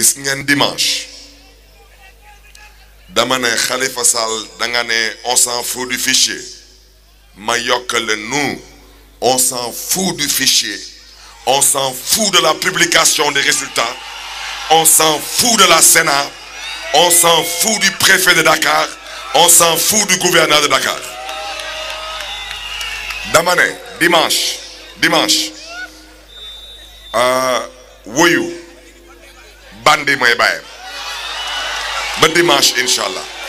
gis ngeen dimanche dama ne Khalifa Sall danga on s'en fout du fichier ma yokk le nous on s'en fout du fichier on de la publication des résultats on s'en fout de la Sénat on s'en fout du préfet de Dakar on du gouverneur de Dakar dama dimanche dimanche euh, bandi mooy bàyyam ba